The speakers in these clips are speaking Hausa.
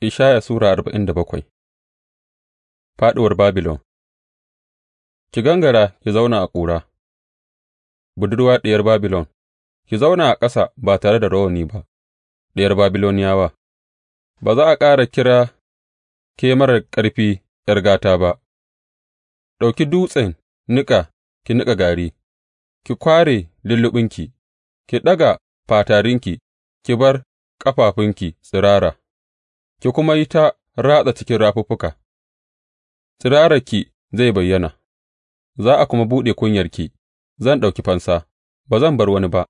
Ishaya Sura arba'in da bakwai Faɗuwar Babilon Ki gangara ki zauna a ƙura, budurwa ɗiyar Babilon, ki zauna a ƙasa ba tare da rawani ba, ɗiyar Babiloniyawa, ba za a ƙara kira ke marar ƙarfi ’yar gata ba, ɗauki dutsen niƙa ki niƙa gari, ki kware lulluɓinki, ki ɗaga fatarinki, ki bar ƙafafunki tsirara. ki kuma yi ta ratsa cikin rafuffuka, tsirararki zai bayyana, za a kuma buɗe kunyarki, zan ɗauki fansa, ba zan bar wani ba,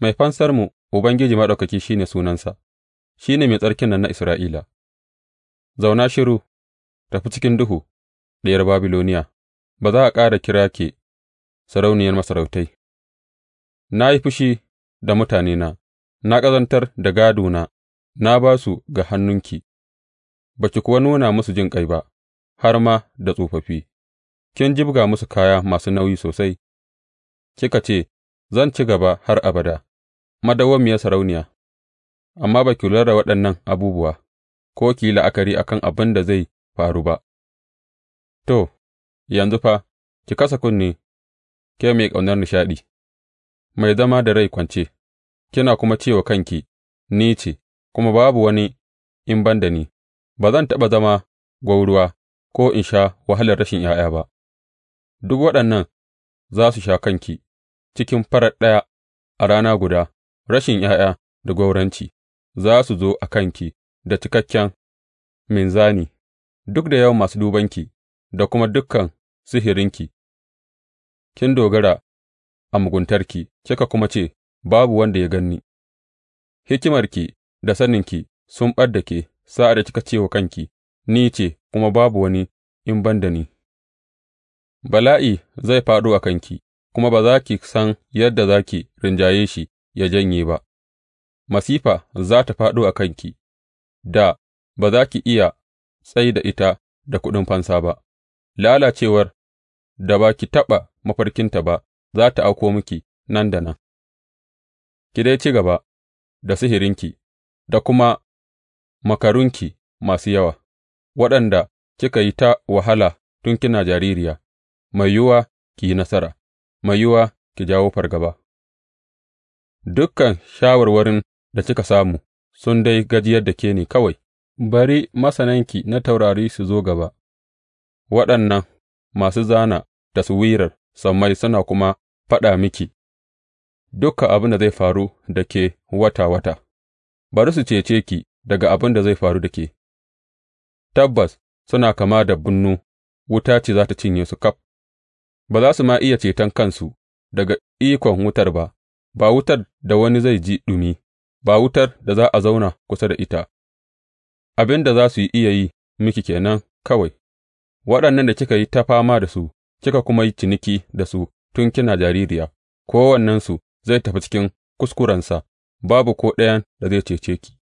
mai fansarmu Ubangiji Maɗaukaki shi ne sunansa, shi ne mai tsarkin nan na Isra'ila, zauna shiru, tafi cikin duhu, ɗayar Babiloniya, ba za a ƙara kira ke sarauniyar masarautai, na yi fushi da mutanena, na ƙazantar da gaduna. na ba su ga hannunki, ba ki kuwa nuna musu jinƙai ba, har ma da tsofaffi, kin jibga musu kaya masu nauyi sosai, kika ce, Zan ci gaba har abada, madawwamiyar sarauniya, amma ba ki lura da waɗannan abubuwa, ko ki yi la'akari a kan abin da zai faru ba. To, yanzu fa, ki kasa kunne, ke mai ƙaunar nishaɗi, mai zama da rai kwance, kina kuma ce wa kanki, Ni ce. kuma babu wani in ban da ni, ba zan taɓa zama gwauruwa ko in sha wahalar rashin ’ya'ya ba, duk waɗannan za su sha kanki cikin farar ɗaya a rana guda, rashin ’ya'ya da gwauranci za su zo a kanki da cikakken minzani, duk da yawan masu dubanki da kuma dukkan sihirinki, kin dogara a muguntarki kika kuma ce, Babu wanda ya gan ni, hikimarki da saninki sun ɓad da ke sa'ad da kika ce wa kanki, Ni ce kuma babu wani in ban da ni, bala'i zai faɗo a kanki, kuma ba za ki san yadda za ki rinjaye shi ya janye ba, masifa za ta fāɗo a kanki, da ba za ki iya tsayi da ita da kuɗin fansa ba, lalacewar da ba ki taɓa mafarkinta ba za ta auko miki nan da nan. Ki dai ci gaba da sihirinki da kuma makarunki masu yawa, waɗanda kika yi ta wahala tun kina jaririya, mai yiwuwa ki yi nasara, mai yiwuwa ki jawo fargaba, dukan shawarwarin da kika samu sun dai gajiyar da ke ne kawai, bari masananki na taurari su zo gaba, waɗannan masu zana taswirar sammai suna kuma faɗa miki Dukka abin da zai faru da ke wata wata. bari su cece ki daga abin da zai faru da ke, tabbas suna kama da bunnu, wuta ce za ta cinye su kaf, ba za su ma iya ceton kansu daga ikon wutar ba, ba wutar da wani zai ji ɗumi, ba wutar da za a zauna kusa da ita, abin da za su yi iya yi miki kenan kawai, waɗannan da kika yi ta fama da su, kika kuma yi ciniki da su tun kina jaririya, kowannensu zai tafi cikin kuskurensa babu ko ɗayan da zai cece ki.